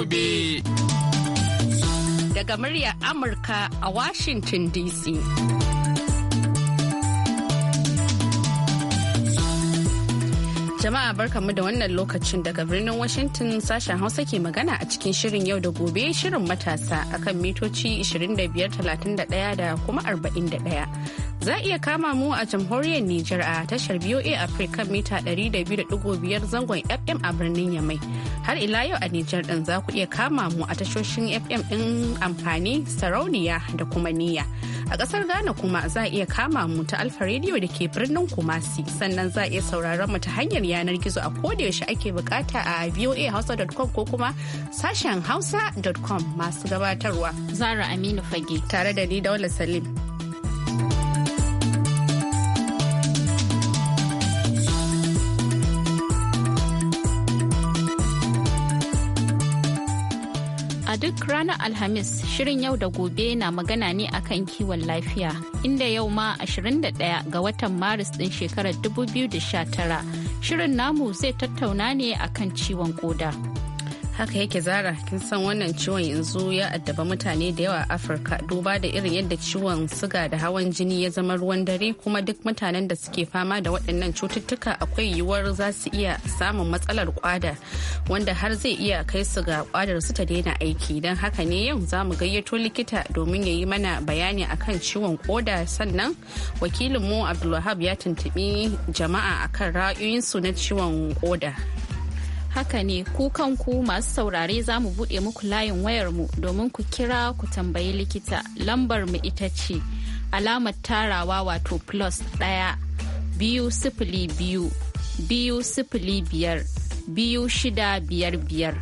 gobe. Daga muryar Amurka a Washington DC. Jama'a barkamu da wannan lokacin daga birnin Washington sashen Hausa ke magana a cikin shirin yau da gobe shirin matasa akan mitoci 25, 31 da kuma 41. Za iya kama mu a jamhuriyar Nijar a tashar BOA Africa mita 200.5 zangon FM a birnin Yamai. Har ila yau a Nijar ɗin za ku iya kama mu a tashoshin FM ɗin amfani sarauniya da kuma niyya. A ƙasar Ghana kuma za iya kama mu ta Alfa rediyo da ke birnin Kumasi sannan za iya sauraron mu ta hanyar yanar gizo a kodayaushe ake bukata a voahausa.com ko kuma sashen hausa.com masu gabatarwa. Zara Aminu Fage. Tare da ni Daula Salim. ranar Alhamis shirin yau da gobe na magana ne akan kiwon lafiya inda yau ma 21 ga watan Maris ɗin shekarar 2019 shirin namu zai tattauna ne akan ciwon koda. haka yake zara kin san wannan ciwon yanzu ya addaba mutane da yawa a afirka duba da irin yadda ciwon suga da hawan jini ya zama ruwan dare kuma duk mutanen da suke fama da waɗannan cututtuka akwai yiwuwar za su iya samun matsalar kwada wanda har zai iya kai su ga kwadar su ta daina aiki don haka ne yau za mu gayyato likita domin ya yi mana bayani akan ciwon koda sannan wakilinmu abdulwahab ya tuntuɓi jama'a akan ra'ayoyinsu na ciwon koda. haka ne ku kanku masu saurare za mu buɗe muku layin wayar mu domin ku kira ku tambayi likita lambar mu ita ce alamar tarawa wato plus ɗaya biyu sifili biyu biyu sifili biyar biyu shida biyar biyar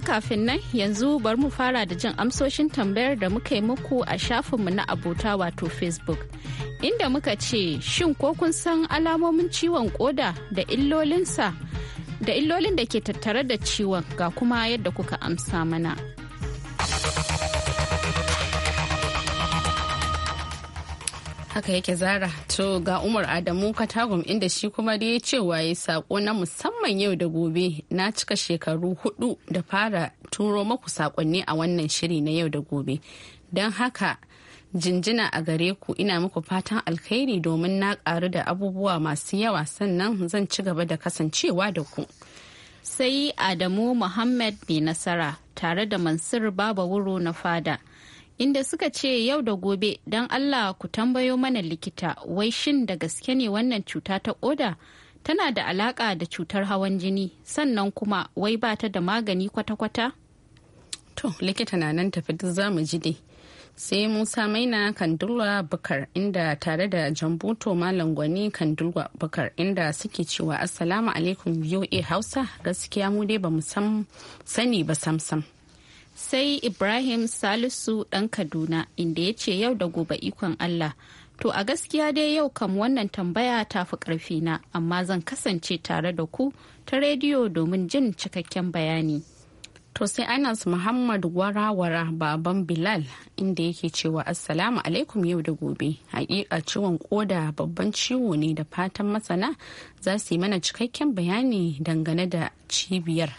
kafin nan yanzu bari mu fara da jin amsoshin tambayar da muka yi muku a shafinmu na abota wato facebook inda muka ce shin ko kun san alamomin ciwon koda da illolinsa da illolin da ke tattare da ciwon ga kuma yadda kuka amsa mana. haka yake zara to ga umar adamu katagum inda shi kuma da ya cewa ya sako na musamman yau da gobe na cika shekaru hudu da fara turo maku sakonni a wannan shiri na yau da gobe don haka jinjina a gare ku ina muku fatan alkhairi domin na karu da abubuwa masu yawa sannan zan ci gaba da kasancewa da ku sai adamu muhammad mai nasara tare da mansur baba wuro na fada inda suka ce yau da gobe don Allah ku tambayo mana likita wai shin da gaske ne wannan cuta ta koda tana da alaka da cutar hawan jini sannan kuma wai ba ta da magani kwata-kwata? To likita na nan tafi duk zamu ji dai. Sai Musa Maina Kandulwa Bukar inda tare da Jambuto Malam Gwani Kandulwa Bukar inda suke cewa Assalamu alaikum VOA Hausa gaskiya mu dai ba mu sani ba samsam. sai ibrahim salisu ɗan kaduna inda ya ce yau da gobe ikon allah to a gaskiya dai yau kam wannan tambaya ta fi na amma zan kasance tare da ku ta rediyo domin jin cikakken bayani to sai anas muhammad warawara baban bilal inda yake cewa assalamu alaikum yau da gobe hakika ciwon koda babban ciwo ne da fatan masana za su yi mana cikakken bayani dangane da cibiyar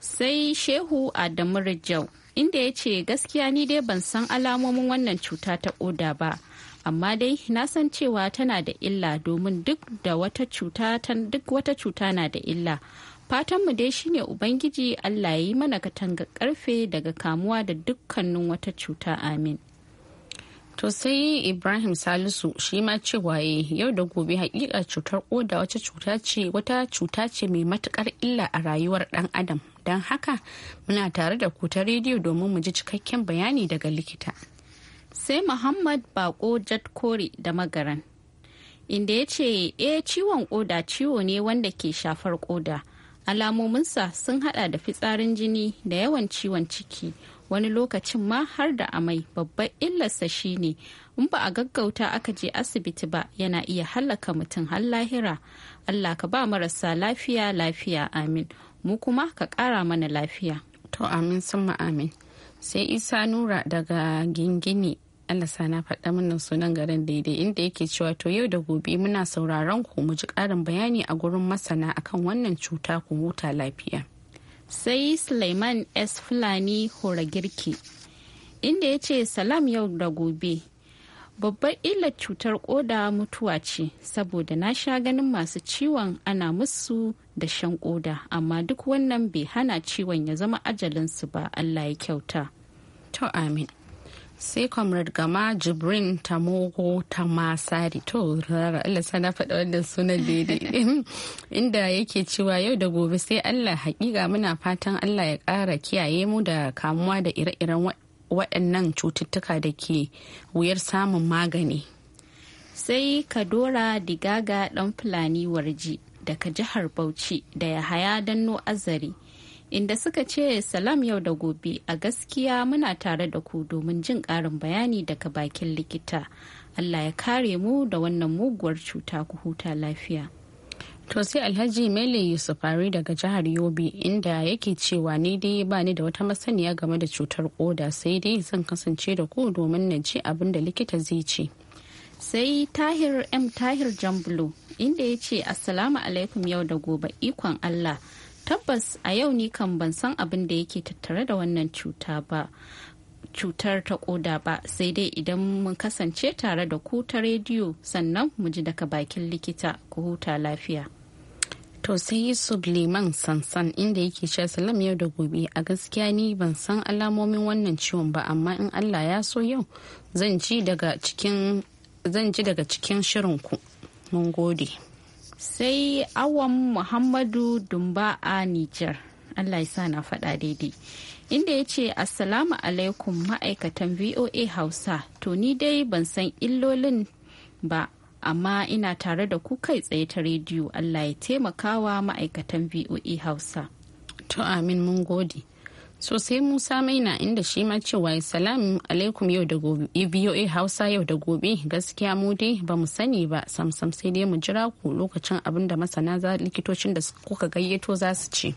sai shehu adamu rijau inda ya ce gaskiya ni dai ban san alamomin wannan cuta ta oda ba amma dai na san cewa tana da illa domin duk da wata cuta duk wata cuta na da illa fatanmu dai shine ubangiji allah ya yi mana katangar karfe daga kamuwa da dukkanin wata cuta amin To sai Ibrahim Salisu shi ma cewa yau da gobe hakika cutar koda wata cuta ce wata cuta ce mai matukar illa a rayuwar dan adam don haka muna tare da ku ta rediyo domin mu ji cikakken bayani daga likita. Sai Muhammad Bako kore da Magaran inda ya ce eh ciwon koda ciwo ne wanda ke shafar koda alamominsa sun hada da fitsarin jini da yawan ciwon ciki. wani lokacin ma har da amai babbar illarsa shine in ba a gaggauta aka je asibiti ba yana iya hallaka mutum har lahira allah ka ba marasa lafiya lafiya amin mu kuma ka kara mana lafiya to amin sun amin sai isa nura daga gingini Allah sana faɗa mana sunan garin daidai inda yake cewa to yau da gobe muna sauraron ku mu ji ƙarin bayani a gurin masana akan wannan cuta ku huta lafiya. sai suleiman s fulani hora girki inda ya ce salam yau da gobe babbar illar cutar koda mutuwa ce saboda na sha ganin masu ciwon ana musu da shan koda amma duk wannan bai hana ciwon ya zama ajalinsu ba allah ya kyauta to amin sai comrade gama jibrin tamogo tamasari to rara allah sana faɗa wannan sunan daidai inda yake cewa yau da gobe sai allah hakika muna fatan allah ya ƙara kiyaye mu da kamuwa da ire-iren waɗannan cututtuka da ke wuyar samun magani sai kadora digaga ɗan fulani warji daga jihar bauchi da ya haya danno azari inda suka ce salam yau da gobe a gaskiya muna tare da ku domin jin ƙarin bayani daga bakin likita allah ya kare mu da wannan muguwar cuta ku huta lafiya To sai Alhaji Mele Yusufari daga jihar Yobe inda yake cewa ni dai ba ni da wata masaniya game da cutar koda sai dai zan kasance da ku domin na ji abin da likita zai ce. Sai Tahir M Tahir jamblo inda ya ce Assalamu alaikum yau da gobe ikon Allah tabbas a yau ni kan ban san abin da yake tattare da wannan cuta ba cutar ta koda ba sai dai idan mun kasance tare da ku ta rediyo sannan mu ji daga bakin likita ku huta lafiya to sai yusuf liman sansan inda yake sha salam yau da gobe a gaskiya ni ban san alamomin wannan ciwon ba amma in allah ya so yau zan ji daga cikin shirin ku mun gode sai awon muhammadu dumba a niger allah ya na faɗa daidai inda ya ce assalamu alaikum ma'aikatan voa hausa to ni dai ban san illolin ba amma ina tare da ku kai tsaye ta rediyo allah ya taimakawa ma'aikatan voa hausa to amin mun gode sosai musa maina inda shi ma cewa salamu alaikum yau da gobe eh, voa hausa yau da gobe gaskiya mu dai ba mu sani ba samsam sai dai mu jira ku lokacin abin da masana za likitocin da kuka gayyato za su ce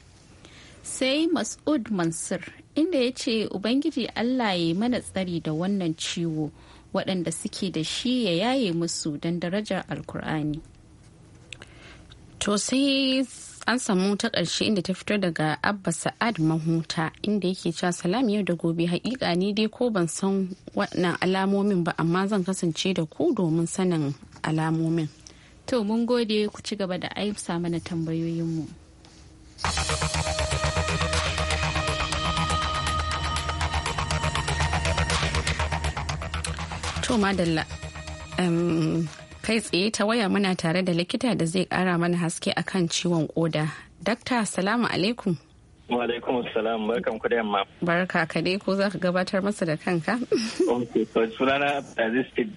sai mas'ud mansur inda ya ce ubangiji allah ya mana tsari da wannan ciwo waɗanda suke da shi ya yaye musu don darajar alkur'ani to an samu ta ƙarshe inda ta fito daga abba sa'ad mahuta inda yake cewa salam yau da gobe hakika ne dai ko ban san waɗannan alamomin ba amma zan kasance da ku domin sanin alamomin to mun gode ku ci gaba da aimsa mana tambayoyinmu to madalla Kai tsaye ta waya muna tare da likita da zai kara mana haske akan ciwon koda. Dakta, salamu alaikum. Wa alaikum salam barkan ku da yamma. Barka ka dai ko za ka gabatar masa da kanka? Ok, so sunana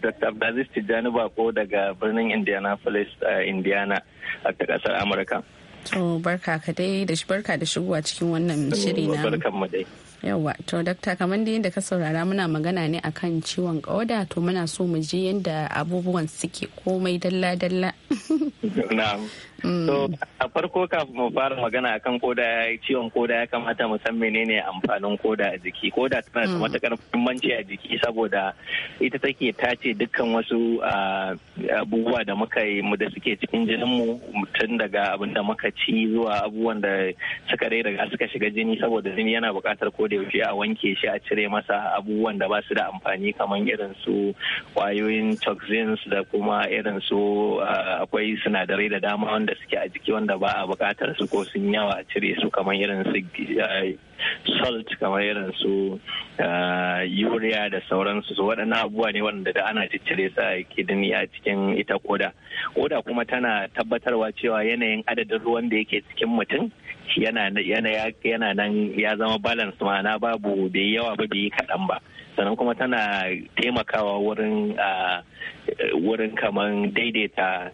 Dr. Abdaziz Tijjani Bako daga birnin Indianapolis a Indiana a ta kasar Amurka. To barka ka dai da barka da shigowa cikin wannan shiri na. Barkan mu dai. yawa to dakta kamar da yadda ka saurara muna magana ne akan ciwon kauda to muna so mu je yadda abubuwan suke komai dalla dalla So mm. a farko kafin mu fara magana akan koda ciwon koda ya kamata mu san menene amfanin koda a jiki. Koda tana da mm. matakar muhimmanci a jiki saboda ita take tace dukkan wasu abubuwa da muka yi mu da suke cikin jinin mu tun daga abin da muka ci zuwa abubuwan da suka rai daga suka shiga jini saboda jini yana buƙatar koda yaushe a wanke shi a cire masa abubuwan da ba su da amfani kamar irin su kwayoyin toxins da kuma irin su akwai sinadarai da dama da suke a jiki wanda ba a buƙatar su ko sun yawa a cire su kamar irin su eh, salt kamar irin su eh, urea da sauransu su waɗannan abubuwa ne wanda da ana ciccire su a kidini a cikin ita koda koda kuma tana tabbatarwa cewa yanayin adadin ruwan da yake cikin mutum yana yana nan ya zama balance ma'ana babu bai yawa ba bai kaɗan ba sannan kuma tana taimakawa wurin eh, wurin kamar daidaita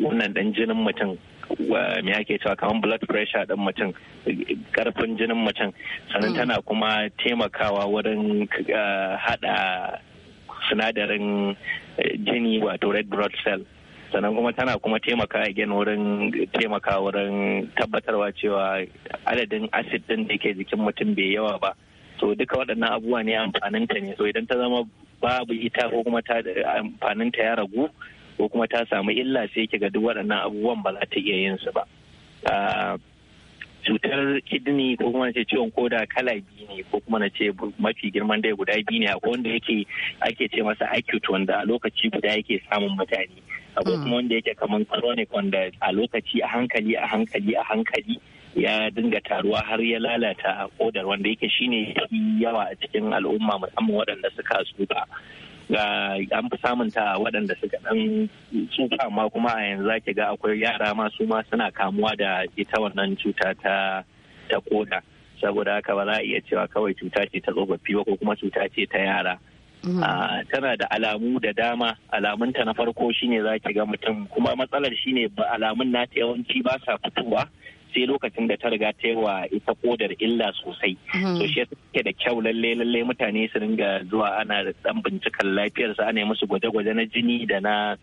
wannan dan jinin mutum me ake cewa kamar blood pressure din mutum karfin jinin mutum sannan hmm. tana kuma taimakawa wurin uh, hada sinadarin uh, jini wato red blood cell sannan kuma tana kuma taimaka again wurin taimaka wurin tabbatarwa cewa adadin acid din da ke jikin mutum bai yawa ba so duka waɗannan abubuwa ne amfaninta ne so idan ta zama babu ita ko kuma ta amfaninta ya ragu ko kuma ta samu illa sai kiga duk waɗannan abubuwan ba za ta iya yin su ba ah, cutar kidney ko kuma na ce ciwon koda kala biyu ne ko kuma na ce mafi girman dai guda biyu ne akwai wanda yake ake ce masa acute wanda a lokaci guda yake samun mutane akwai kuma wanda yake kamar chronic wanda a lokaci a hankali a hankali a hankali ya dinga taruwa har ya lalata kodar wanda yake shine yawa a cikin al'umma musamman waɗanda suka suka. an fi samunta waɗanda suka ɗan tsufa ma kuma a yanzu za ga akwai yara ma su ma suna kamuwa da ita wannan cuta ta ta koda saboda haka ba za a iya cewa kawai cuta ce ta tsofaffi ba ko kuma cuta ce ta yara mm-hmm. ah, tana da alamu da dama alamunta na farko shine za ga mutum kuma matsalar shine ba alamun ta yawanci ba sa fitowa sai lokacin da ta riga ta yi wa ita kodar illa sosai so hmm. shi yake da kyau lalle lalle mutane su ringa zuwa ana dan bincikan lafiyarsa ana yi musu gwaje-gwaje na jini da na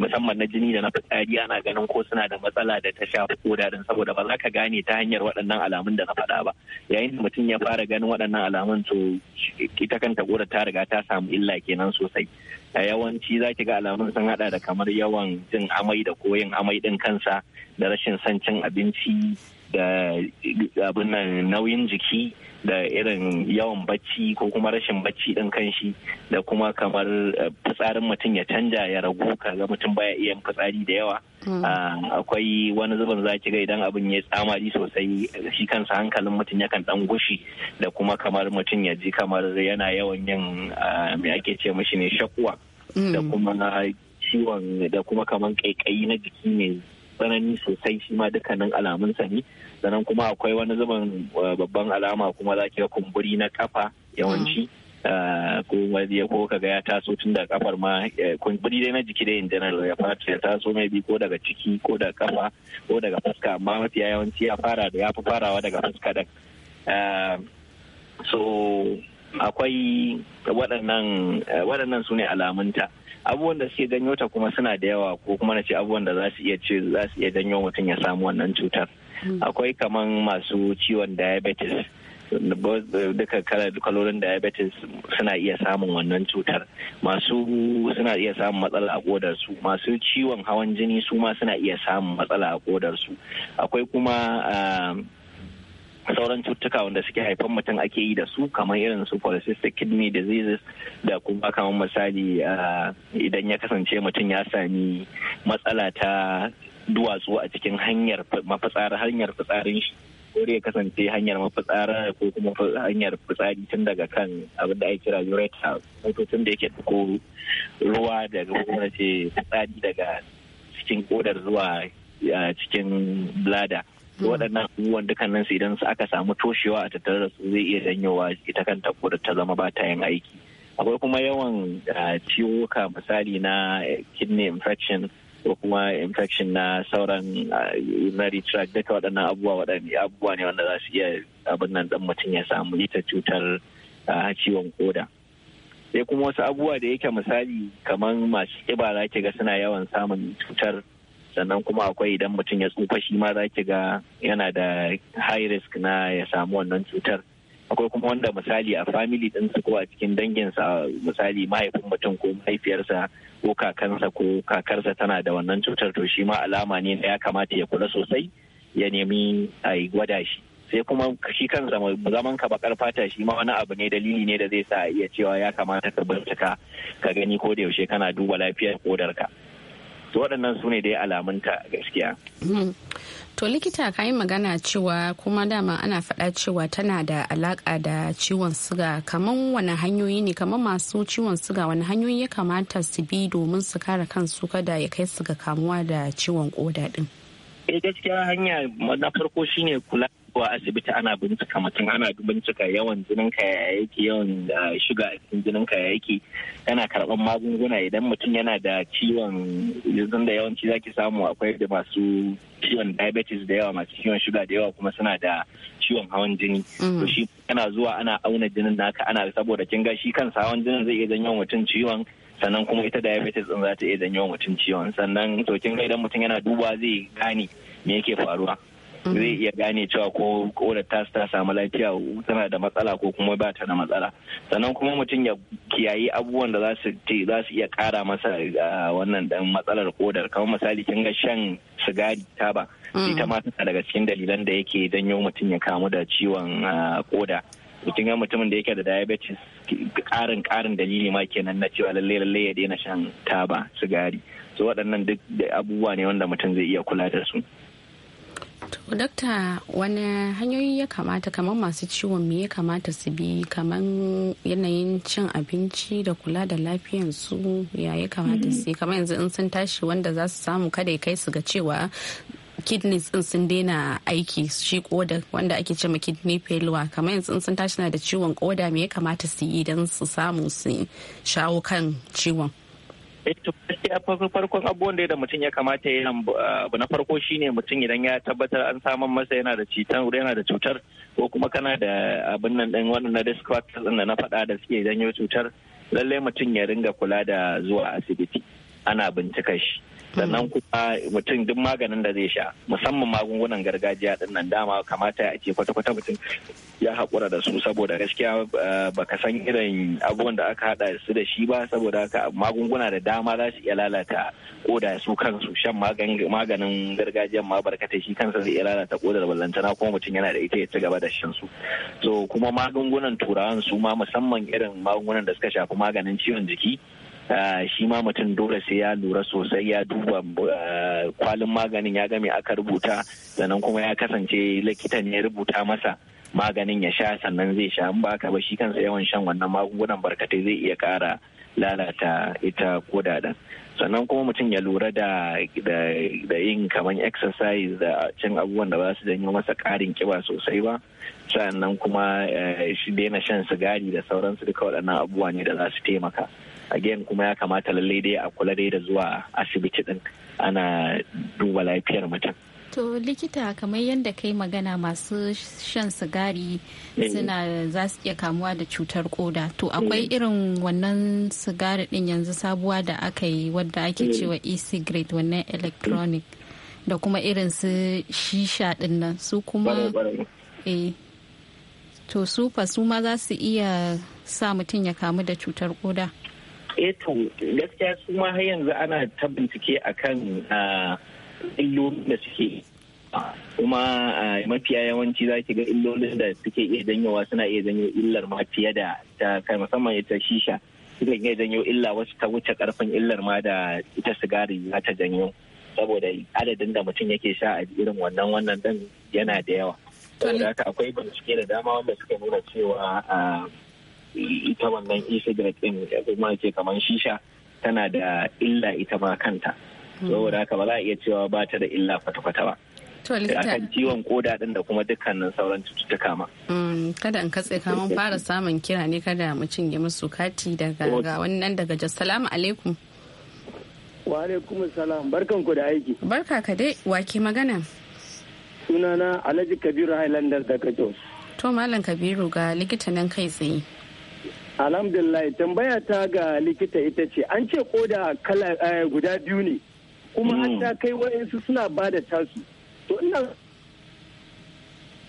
musamman na jini da na fitsari ana ganin ko suna da matsala da ta shafi koda din saboda ba za ka gane ta hanyar waɗannan alamun da na faɗa ba yayin da mutum ya fara ganin waɗannan alamun to ita kanta kodar ta riga ta samu illa kenan sosai a yawanci za ki ga alamun sun hada da kamar yawan jin amai da koyin amai din kansa da rashin son cin abinci da abin nauyin jiki da irin yawan bacci ko kuma rashin bacci din kanshi da kuma kamar eh, fitsarin mutum ya canja ya ragu kaga mutum baya iya fitsari da yawa hmm. ah, akwai wani zubin zaki ki ga idan abin ya tsamari sosai shi kansa hankalin mutum yakan dan gushi da kuma kamar mutum ya ji kamar yana yawan yin ah, me ake ce mashi ne shakuwa hmm. da kuma ciwon da kuma kamar kaikayi na jiki ne tsanani sosai shi ma dukkanin alamunsa ne sannan kuma akwai wani zuban uh, babban alama kuma za ki ga kumburi na kafa yawanci uh, ko wani ya ko kaga ya taso tun da kafar ma eh, kumburi dai na jiki dai in general ya fara ya taso mai bi ko daga ciki ko daga kafa ko daga fuska amma mafi yawanci ya fara da ya fi farawa daga fuska da uh, so akwai waɗannan su ne alamunta abubuwan da suke janyo ta kuma suna da yawa ko kuma na ce abubuwan da za su iya ce za su iya janyo mutum ya samu wannan cutar Mm. akwai kaman masu ciwon diabetes eh, duka kalolin diabetes suna iya samun wannan cutar masu suna iya samun matsala a kodarsu masu ciwon hawan jini su ma suna iya samun matsala a kodarsu akwai kuma ah, sauran cututtuka wanda suke haifan mutum ake yi da su kamar irin su polycystic kidney diseases da kuma kamar misali ah, idan ya kasance mutum ya sami matsala ta duwatsu a cikin hanyar mafitsara hanyar fitsarin shi ko ya kasance hanyar mafitsara ko kuma hanyar fitsari tun daga kan abin da ake kira ureta motocin da yake ko ruwa daga kuma ce fitsari daga cikin kodar zuwa cikin blada waɗannan abubuwan dukkanin su idan aka samu toshewa a tattare da su zai iya janyowa ita kan kodar ta zama ba ta yin aiki akwai kuma yawan ciwuka misali na kidney infection ko kuma infection na sauran urinary uh, tract duka waɗannan abubuwa abubuwa ne wanda za su iya abin nan ɗan mutum ya samu ita cutar uh, ciwon koda sai kuma wasu abubuwa da yake misali kamar masu ƙiba za ki ga suna yawan samun cutar sannan kuma akwai idan mutum ya tsufa shi ma za ki ga yana da high risk na ya samu wannan cutar akwai kuma wanda misali a family ɗinsu ko a cikin danginsa misali mahaifin mutum ko mahaifiyarsa ko kakansa ko kakarsa tana da wannan cutar to shi ma alama ne da ya kamata ya kula sosai ya nemi a yi gwada shi sai kuma shi kan zaman ka bakar fata shi ma wani abu ne dalili ne da zai sa iya cewa ya kamata ka bincika ka gani ko da yaushe kana duba lafiyar kodarka to waɗannan su ne dai ta gaskiya hmm. To likita ka yi magana cewa kuma dama ana faɗa cewa tana da alaƙa da ciwon suga kamar wani hanyoyi ne kamar masu ciwon suga wani hanyoyi ya kamata su bi domin su kare kansu kada ya kai su ga kamuwa da ciwon koda din. Eh gaskiya hanya na farko shine kula a asibiti ana bincika mutum ana bincika yawan ka ya yake yawan ah, shuga a cikin ka ya yake yana karɓar magunguna idan mutum yana da ciwon yanzu da yawanci zaki samu akwai da masu ciwon diabetes da yawa masu ciwon shuga da yawa kuma suna da ciwon hawan jini mm-hmm. to shi kana zuwa ana auna jinin naka ana saboda kin ga shi kansa hawan jinin zai iya janyo mutum ciwon sannan kuma ita diabetes din za ta iya janyo mutum ciwon sannan to kin ga idan mutum yana duba zai gane me yake faruwa zai mm-hmm. iya gane cewa ko kodar ta ta samu lafiya tana da matsala ko kuma ba ta da matsala sannan kuma mutum ya kiyayi abubuwan da za su iya kara masa wannan dan matsalar kodar kamar misali kin ga shan sigari taba mm. ita ma tana daga cikin dalilan da yake janyo mutum ya kamu da ciwon koda mutum ya mutumin da yake da diabetes karin karin dalili ma kenan na cewa lalle lalle ya daina shan taba sigari so waɗannan duk abubuwa ne wanda mutum zai iya kula da su dakta wani hanyoyi ya kamata kamar masu ciwon me ya kamata su bi kamar yanayin cin abinci da kula da su ya ya kamata su kamar yanzu in sun tashi wanda za su samu kada ya kai su ga cewa kidneys din sun daina aiki shi koda wanda ake cewa kidney failure kamar yanzu in sun tashi na da ciwon koda me ya kamata su yi don su samu su shawo kan ciwon. Eh, gaskiya farkon abubuwan da mutum ya kamata ya ah, abu na farko shine mutum idan ya tabbatar an samun masa yana da cutar yana da cutar ko kuma kana da abin nan din wannan na risk factors da na faɗa da suke janyo cutar lallai mutum ya ringa kula da zuwa asibiti ana bincika shi sannan kuma mutum duk maganin da zai sha musamman magungunan gargajiya din nan dama kamata a ce kwata-kwata mutum ya haƙura da su saboda gaskiya eh, ba ka san irin abubuwan da aka haɗa su da shi ba saboda haka magunguna da dama za su iya lalata ko da su kansu shan maganin gargajiyan ma barkatai shi kansa zai iya lalata ko da ballantana kuma mutum yana da ita ya ci gaba da shan su so kuma magungunan turawan su ma musamman irin magungunan da suka shafi maganin ciwon jiki Ah, shi ma mutum dole sai ya lura sosai ya duba ah, kwalin maganin ya ga game aka rubuta sannan kuma ya kasance likitan ya rubuta masa maganin ya sha sannan zai sha in ba ka ba shi kansa yawan shan wannan magungunan barkatai zai iya kara lalata ita koda din sannan kuma mutum ya lura da da yin kamar exercise da cin abubuwan da ba su janyo masa karin kiba sosai ba sannan kuma eh, shi daina shan sigari da sauransu duka waɗannan abubuwa ne da za su taimaka again kuma ya kamata lallai dai a kula dai da zuwa asibiti din ana duba lafiyar mutum to likita kamar yadda kai magana masu shan sigari eh. suna za su iya kamuwa da cutar koda to akwai eh. irin wannan sigari din yanzu sabuwa da aka yi wadda ake eh. cewa e-cigarette wannan electronic da kuma irin su shisha din nan su kuma eh to su fa su ma za su iya sa mutum ya kamu da cutar koda eto eh, gaskiya su ma har yanzu ana ta bincike akan ah, illolin da suke kuma ah, mafiya yawanci za ki ga illolin da suke iya janyowa suna iya janyo illar ma fiye da ta kai musamman ita shisha sukan iya janyo illa wasu ta wuce karfin illar ma da ita sigari za ta janyo saboda adadin da mutum yake sha a irin wannan wannan din yana da yawa saboda haka akwai bincike da dama wanda suka nuna cewa ah, ita wannan e-cigarette din kuma ke kamar shisha tana da illa ita ma kanta saboda haka ba za a iya cewa ba ta da illa kwata-kwata ba akan ciwon koda din da kuma dukkanin sauran cututtuka ma. Mm, kada in katse kamar fara samun kira ne kada mu cinye musu kati daga ga wannan daga jas salamu alaikum wa alaikum salam barkan ku da aiki barka ka dai wa ke magana sunana alhaji kabiru highlander daga jos to malam kabiru ga likita nan kai tsaye alhamdulillah tambaya ta ga likita ita ce an ce koda kala eh, guda biyu ne kuma an hmm. ta kai wa'insu suna ba da tasu to ina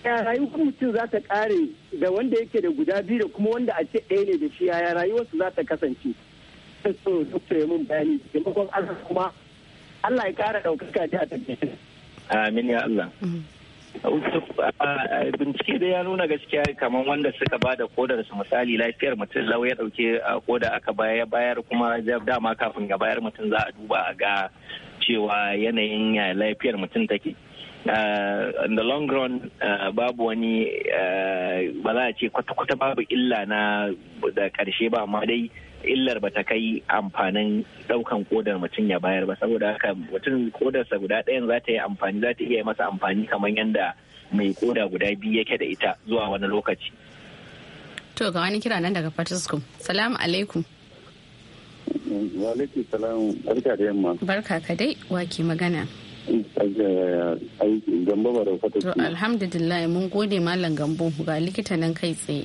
rayuwar mutum za ta kare da wanda yake da guda biyu da kuma wanda a ce ɗaya ne da shi yaya rayuwarsu za ta kasance so dokta ya mun bayani taimakon Allah kuma Allah ya kara ɗaukaka ta a amin ya Allah hmm. bincike da ya nuna gaskiya kamar wanda suka ba da kodar su misali lafiyar mutum lau ya dauke koda aka bayar kuma dama kafin ga bayar mutum za a duba a ga cewa yanayin lafiyar mutum take in the long run babu wani ba za a ce kwata-kwata babu illa na da karshe ba amma dai illar ba ta kai amfanin daukan kodar mutum ya bayar ba saboda haka mutum kodarsa guda ɗayan za ta yi amfani za ta iya masa amfani kamar yadda mai koda guda biyu yake da ita zuwa wani lokaci. To ga wani kira nan daga Fatiskum. Salamu alaikum. Wa alaikum salam barka da yamma. Barka ka dai wake magana. Gambo ba da Fatiskum. To alhamdulillah mun gode malam Gambo ga likita nan kai tsaye.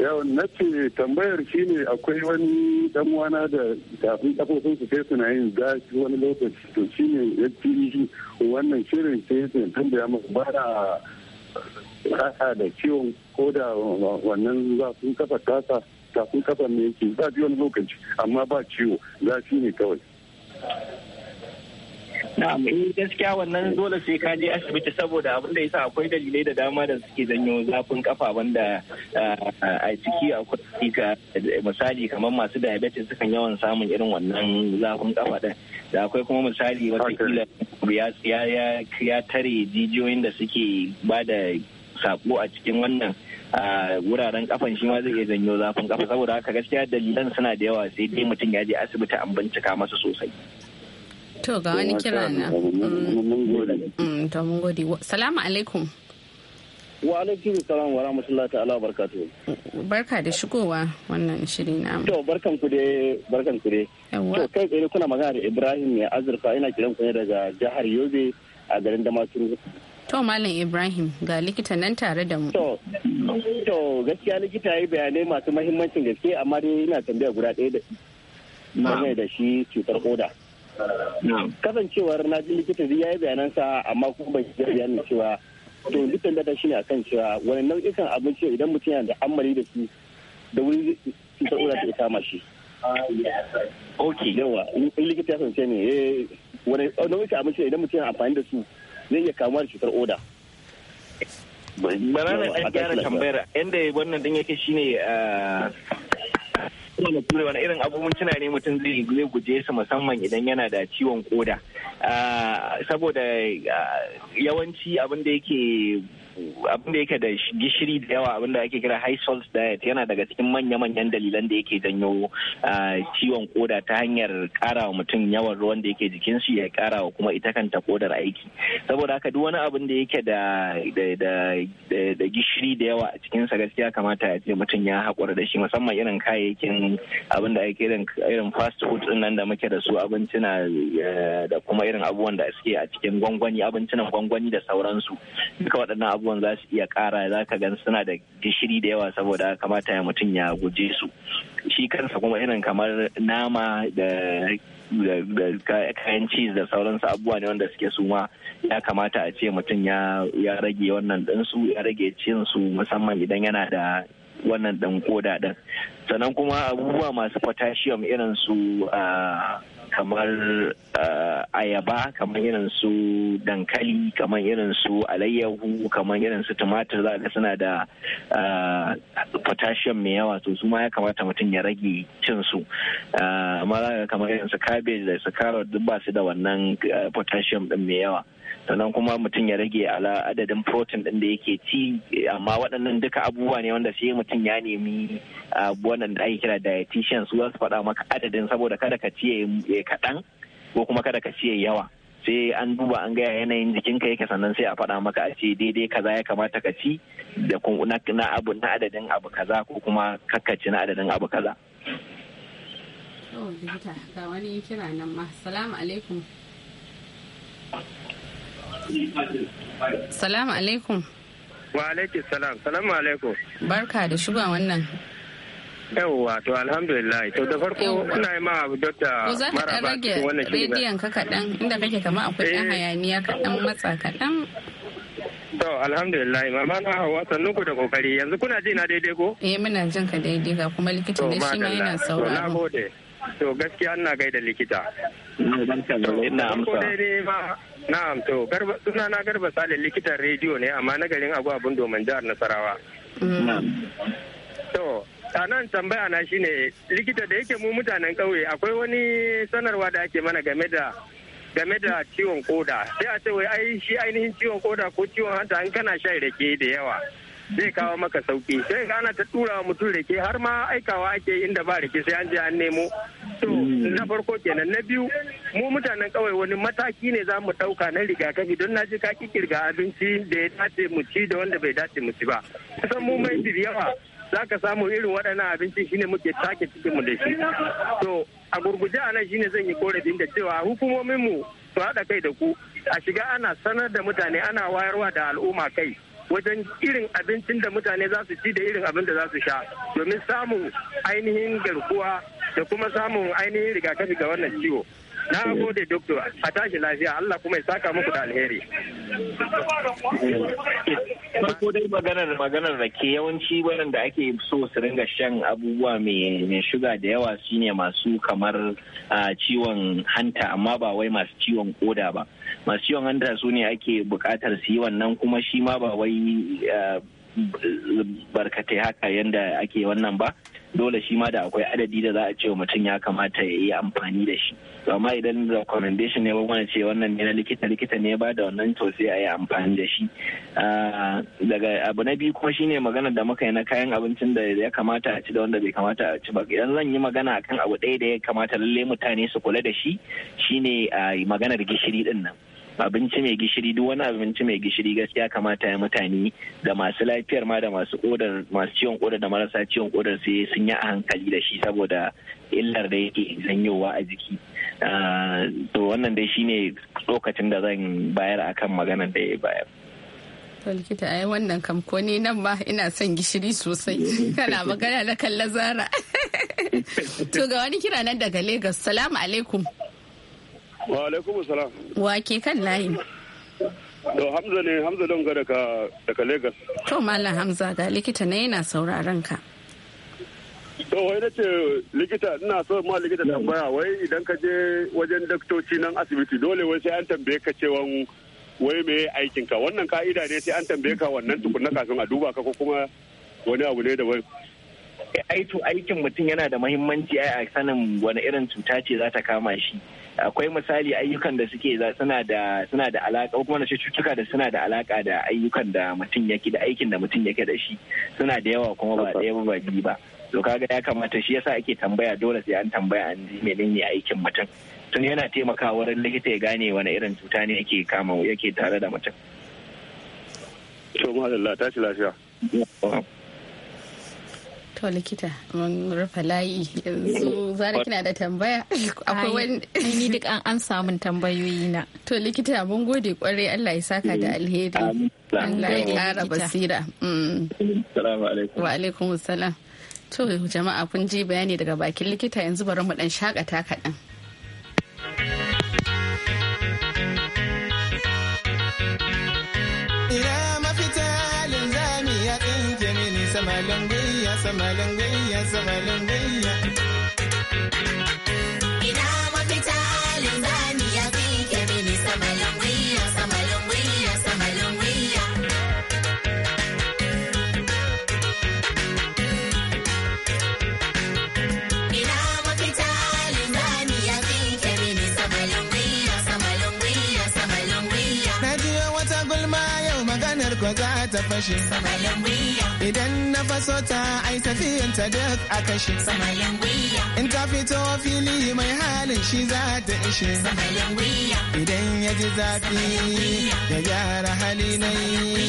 yau na ce tambayar shi ne akwai wani dan wana da kafin kafofin su sai suna yin gashi wani lokaci to shi ne ya fi wannan shirin sai ya tambaya masu ba da kasa da ciwon ko da wannan zafin kafa tasa kafin kafa ne yake ba wani lokaci amma ba ciwo gashi ne kawai Na'am, eh gaskiya wannan dole sai ka je asibiti saboda abin da yasa akwai dalilai da dama da suke janyo zafin kafa wanda eh, a ciki akwai misali kamar masu diabetes sukan yawan samun irin wannan zafin kafa din. Da akwai kuma misali watakila ya tare jijiyoyin da suke ba da sako a cikin wannan a wuraren kafan shi ma zai iya janyo zafin kafa saboda haka gaskiya dalilan suna da yawa sai dai mutum ya je asibiti an bincika masa sosai. To ga wani kira na. Mm. Mm, to mun gode. Salamu alaikum. Wa alaikum salam wa rahmatullahi ta'ala barkatu. Barka da shigowa wannan shiri na. To barkan ku dai barkan ku dai. To kai tsaye kuna magana da Ibrahim ne azurfa ina kiran ku ne daga jihar Yobe a garin Damaturu. To Malam Ibrahim ga likita nan tare da mu. To gaskiya likita yi bayanai masu mahimmancin gaske amma dai ina tambaya guda ɗaya da da shi cutar koda. kasancewar na ji likita zai yayi sa amma kuma ban shiga bayanin cewa to likitan data shine akan cewa wani nau'ikan abinci idan mutum yana da amari da su da wuri cutar ura ta kama shi ok yawa in likita ya sance ne eh, wani nau'ikan abinci idan mutum yana amfani da su zai iya kamuwa da cutar oda bara na ɗan gyara tambayar inda wannan din yake shine eh, kowane kure wani irin abubuwan tuna ne mutum zai guje su musamman idan yana da ciwon koda ah, saboda ah, yawanci abin da yake abin da yake da gishiri da yawa abin da ake kira high salt diet yana daga cikin manya-manyan dalilan da yake janyo ciwon koda ta hanyar wa mutum yawan ruwan da yake jikin shi ya wa kuma ita kanta kodar aiki saboda haka duk wani abin da yake da da gishiri da yawa a cikin sa gaskiya kamata ya ce mutum ya haƙura da shi musamman irin kayayyakin abin da ake irin fast food din nan da muke da su abincina eh, da kuma irin abubuwan da suke a cikin gwangwani abincinan gwangwani da sauransu duka waɗannan abubuwan za su iya kara za ka gan suna da gishiri da yawa saboda kamata ya mutum ya guje su shi kansa kuma irin kamar nama da kayan cheese da sauransu abubuwa ne wanda suke suma ya kamata a ce mutum ya rage wannan ɗinsu ya rage cin su musamman idan yana da wannan ɗan koda ɗin sannan kuma abubuwa masu potassium irin su ah, kamar eh, ayaba kamar irin su dankali kamar irin su alayyahu kamar irin su tumatir za ga suna da eh, potassium mai yawa to su ma ya kamata mutum ya rage cin su eh, amma za kamar irin su cabbage da su carrot duk ba su da wannan potassium din mai yawa sannan kuma mutum ya rage ala adadin protein din da yake ci amma waɗannan duka abubuwa ne wanda sai mutum ya nemi wannan da ake kira dietitian su za su faɗa maka adadin saboda kada ka ci ya kaɗan ko kuma kada ka ciye yawa sai an duba an gaya yanayin jikinka yake sannan sai a faɗa maka a ce daidai kaza ya kamata ka ci da na abu na adadin abu kaza ko kuma kakkaci na adadin abu kaza. wani kira salamu alaikum salamu alaikum wa alaikum salam salamu alaikum barka da shiga wannan yawwa to alhamdulillah to da farko ina yi ma dokta maraba cikin wannan shirin rediyon ka kaɗan inda kake kama akwai ɗan eh. hayaniya kaɗan matsa kaɗan to alhamdulillah mama na hawa sannu ku da kokari yanzu kuna ji na daidai ko eh muna jin ka daidai ga kuma likita ne shi ma yana sauraro to gaskiya ina gaida likita ina amsa na'am to suna na garba sale likitan rediyo ne amma na garin abu abun domin jihar nasarawa mm. to a nan tambaya na shine likita da yake mu mutanen kauye akwai wani sanarwa da ake mana game da game da ciwon koda sai a ce wai ai shi ainihin ciwon koda ko ciwon hanta an kana shan rake da yawa zai kawo maka sauki sai ga ana ta tura mutum rake har ma aikawa ake inda ba rake sai an je an nemo to na farko kenan na biyu mu mutanen kauye wani mataki ne za mu ɗauka na rigakafi don na ji ka kirga abinci da ya dace mu ci da wanda bai dace mu ci ba kasan mu mai yawa za ka samu irin waɗannan abinci shine muke take cikinmu da shi to a gurguje a nan shine zan yi korafin da cewa hukumominmu su haɗa kai da ku a shiga ana sanar da mutane ana wayarwa da al'umma kai wajen irin abincin da mutane za su ci da irin abin da za su sha domin samun ainihin garkuwa da kuma samun ainihin rigakafi ga wannan ciwo Na gode doktor a tashi lafiya Allah kuma ya saka muku da alheri. Farko dai maganar maganar ke yawanci da ake so su ringa shan abubuwa mai shuga da yawa shine masu kamar ciwon hanta amma ba wai masu ciwon koda ba. Masu ciwon hanta su ne ake bukatar su yi wannan kuma shi ma ba wai barkatai haka yadda ake wannan ba. dole shi ma da akwai adadi da za a ce mutum ya kamata ya yi amfani da shi amma idan recommendation ne wani ce wannan ne na likita likita ne ba da wannan to sai a yi amfani da shi ah, daga abu na biyu kuma shine magana da muka yi na kayan abincin da ya kamata a ci da wanda bai kamata a ci ba idan zan yi magana akan abu ɗaya da ya kamata lallai mutane su kula da shi shine ah, maganar gishiri din nan abinci mai gishiri duk wani abinci mai gishiri gaskiya kamata ya mutane da masu lafiyar ma da masu odar masu ciwon odar da marasa ciwon kodar sai sun yi a hankali da shi saboda illar da yake zanyowa a jiki ah, to wannan dai shine lokacin da zan bayar akan maganar da ya bayar to likita ai wannan kam ko ne nan ma ina son gishiri sosai kana magana na kalla zara to ga wani kira nan daga Lagos salamu alaikum Wa alaikum salam. Wa ke kan layi? To Hamza ne Hamza don daga daga Lagos. To mallam Hamza ga likita ne yana sauraron ka. To wai na ce likita ina so ma likita tambaya wai idan ka je wajen daktoci nan asibiti dole wai sai an tambaye ka cewa wai me aikin ka wannan ka'ida ne sai an tambaye ka wannan tukunna kafin a duba ka ko kuma wani abu ne da wai aito aikin mutum yana da mahimmanci a sanin wani irin cuta ce za ta kama shi akwai misali ayyukan da suke suna da suna da alaka kuma na cututtuka da suna da alaka da ayyukan da mutum yake da aikin da mutum yake da shi suna da yawa kuma ba ɗaya ba biyu ba to kaga ya kamata shi yasa ake tambaya dole sai an tambaya an ji menene aikin mutum tun yana taimakawa wurin likita ya gane wani irin cuta ne yake kama yake tare da mutum to madalla tashi lafiya to likita mun rufe layi yanzu zara kina da tambaya akwai wani ni duk an an samun tambayoyi na to likita mun gode kwarai Allah ya saka da alheri Allah ya kara basira mm. wa alaikum salam to jama'a kun ji bayani daga bakin likita yanzu bari mu dan shakata kaɗan. samalin gayya samalin gayya ta fashe idan na faso ta ai tafiyan ta duk a kashe in ta fito fili mai halin shi za ta ishe idan ya ji zafi ya gyara hali na yi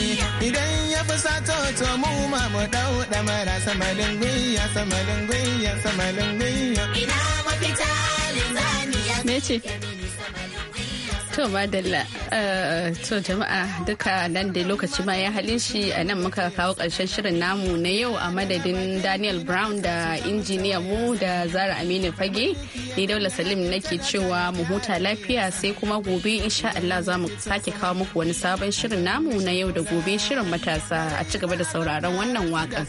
idan ya fi sato to mu ma mu dau damara samalin gwiya samalin gwiya samalin gwiya ina mafita linzani ya ce to ba dalla. Eh, to jama'a duka nan da lokaci ma ya halin shi a nan muka kawo ƙarshen shirin namu na yau a madadin daniel brown da injiniya mu da zara aminu fage ni daula salim nake cewa mu huta lafiya sai kuma gobe insha allah za mu sake kawo muku wani sabon shirin namu na yau da gobe shirin matasa a ci gaba da sauraron wannan waka.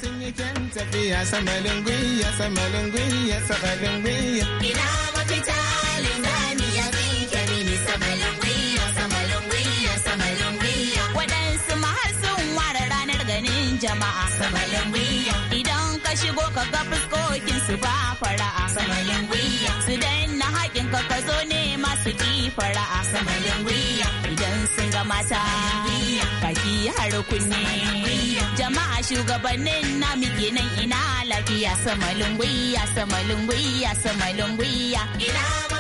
jama'a samalin wiya idan ka shigo ka ga fuskokin su ba fara'a samalin wiya su daina haƙin ka ka zo ne masu ki fara'a samalin wiya idan sun ga mata ka ki har kunne jama'a shugabannin na muke nan ina lafiya samalin wiya samalin wiya samalin wiya ina